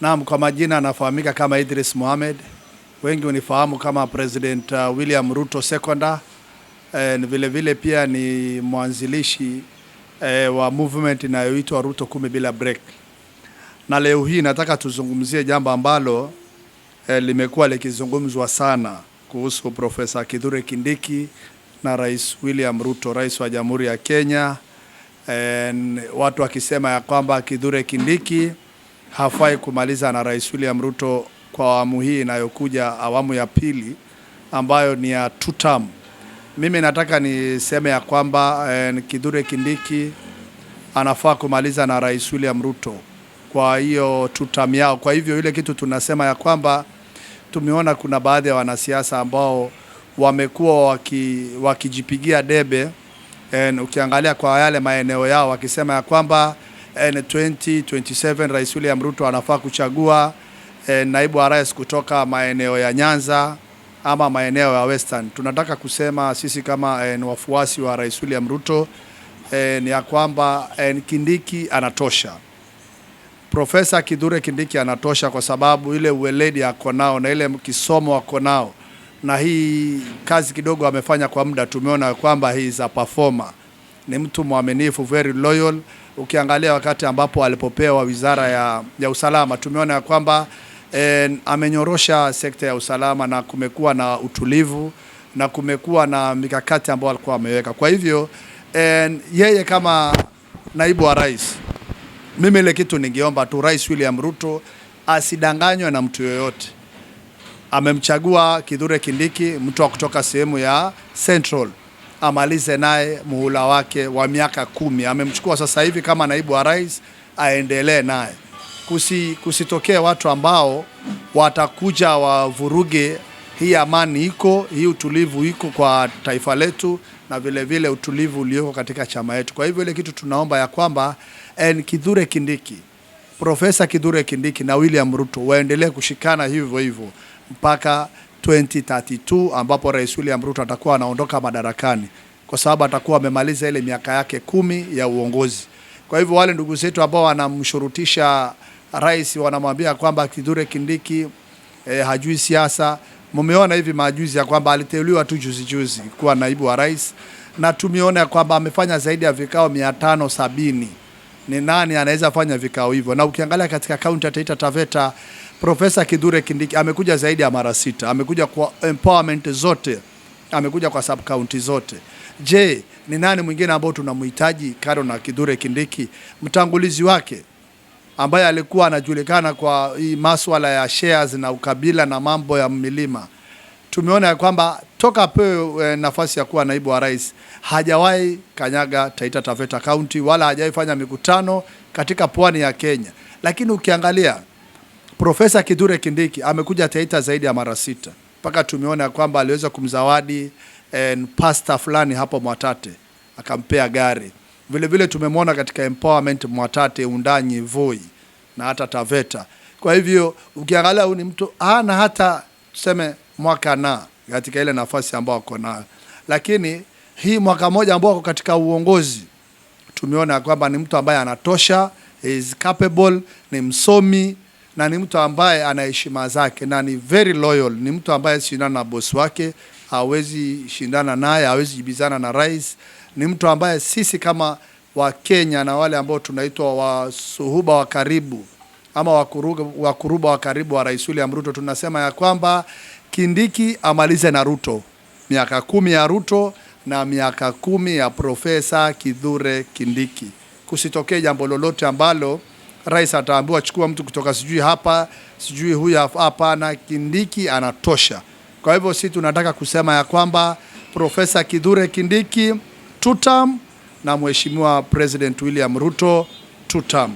Naam, kwa majina anafahamika kama Idris Mohamed, wengi unifahamu kama President uh, William Ruto Seconder. Eh, vile vile pia ni mwanzilishi e, wa movement inayoitwa Ruto kumi bila break, na leo hii nataka tuzungumzie jambo ambalo e, limekuwa likizungumzwa sana kuhusu Profesa Kithure Kindiki na Rais William Ruto, rais wa Jamhuri ya Kenya, e, watu wakisema ya kwamba Kithure Kindiki hafai kumaliza na Rais William Ruto kwa awamu hii inayokuja, awamu ya pili ambayo ni ya tutam Mimi nataka niseme ya kwamba eh, Kithure Kindiki anafaa kumaliza na Rais William Ruto kwa hiyo tutam yao. Kwa hivyo ile kitu tunasema ya kwamba tumeona kuna baadhi ya wanasiasa ambao wamekuwa waki, wakijipigia debe en, eh, ukiangalia kwa yale maeneo yao wakisema ya kwamba 2027 Rais William Ruto anafaa kuchagua eh, naibu wa rais kutoka maeneo ya Nyanza ama maeneo ya Western. Tunataka kusema sisi kama eh, ni wafuasi wa Rais William Ruto eh, ni ya kwamba eh, Kindiki anatosha. Profesa Kidure Kindiki anatosha kwa sababu ile uweledi ako nao na ile kisomo ako nao, na hii kazi kidogo amefanya kwa muda, tumeona kwamba he is a performer ni mtu mwaminifu, very loyal. Ukiangalia wakati ambapo alipopewa wizara ya, ya usalama tumeona ya kwamba eh, amenyorosha sekta ya usalama na kumekuwa na utulivu na kumekuwa na mikakati ambayo alikuwa ameweka. Kwa hivyo eh, yeye kama naibu wa rais, mimi ile kitu ningeomba tu Rais William Ruto asidanganywe na mtu yoyote. Amemchagua Kithure Kindiki, mtu wa kutoka sehemu ya Central amalize naye muhula wake wa miaka kumi. Amemchukua sasa hivi kama naibu wa rais, aendelee naye kusi, kusitokee watu ambao watakuja wavuruge hii amani iko, hii utulivu iko kwa taifa letu na vile vile utulivu ulioko katika chama yetu. Kwa hivyo ile kitu tunaomba ya kwamba en Kithure Kindiki, Profesa Kithure Kindiki na William Ruto waendelee kushikana hivyo hivyo mpaka 2032 ambapo Rais William Ruto atakuwa anaondoka madarakani, kwa sababu atakuwa amemaliza ile miaka yake kumi ya uongozi. Kwa hivyo wale ndugu zetu ambao wanamshurutisha rais, wanamwambia kwamba Kithure Kindiki e, hajui siasa. Mumeona hivi majuzi ya kwamba aliteuliwa tu juzi juzi kuwa naibu wa rais, na tumeona kwamba amefanya zaidi ya vikao mia tano sabini. Ni nani anaweza fanya vikao hivyo? Na ukiangalia katika kaunti ya Taita Taveta Profesa Kidure Kindiki amekuja zaidi ya mara sita, amekuja kwa empowerment zote, amekuja kwa sub county zote. Je, ni nani mwingine ambao tunamhitaji karo na Kidure Kindiki? Mtangulizi wake ambaye alikuwa anajulikana kwa masuala ya shares na ukabila na mambo ya milima, tumeona ya kwamba toka apewe eh, nafasi ya kuwa naibu wa rais hajawahi kanyaga Taita Taveta County wala hajawahi fanya mikutano katika pwani ya Kenya, lakini ukiangalia Profesa Kithure Kindiki amekuja Taita zaidi ya mara sita mpaka tumeona kwamba aliweza kumzawadi eh, pasta fulani hapo Mwatate akampea gari. Vile vile tumemwona katika empowerment Mwatate, Undanyi, Voi na hata Taveta. Kwa hivyo ukiangalia huyu ni mtu ana hata tuseme mwaka na katika ile nafasi ambayo ako nayo, lakini hii mwaka moja ambao ako katika uongozi tumeona kwamba ni mtu ambaye anatosha, is capable, ni msomi na ni mtu ambaye ana heshima zake na ni very loyal. Ni mtu ambaye shindana na bosi wake, hawezi shindana naye, hawezi jibizana na rais. Ni mtu ambaye sisi kama Wakenya na wale ambao tunaitwa wasuhuba wa karibu ama wakuruba wa karibu wa Rais William Ruto tunasema ya kwamba Kindiki amalize na Ruto, miaka kumi ya Ruto na miaka kumi ya Profesa Kithure Kindiki, kusitokee jambo lolote ambalo rais ataambiwa chukua mtu kutoka sijui hapa sijui huyu hapa, na Kindiki anatosha. Kwa hivyo sisi tunataka kusema ya kwamba Profesa kidhure Kindiki tutam na Mheshimiwa President William Ruto tutam.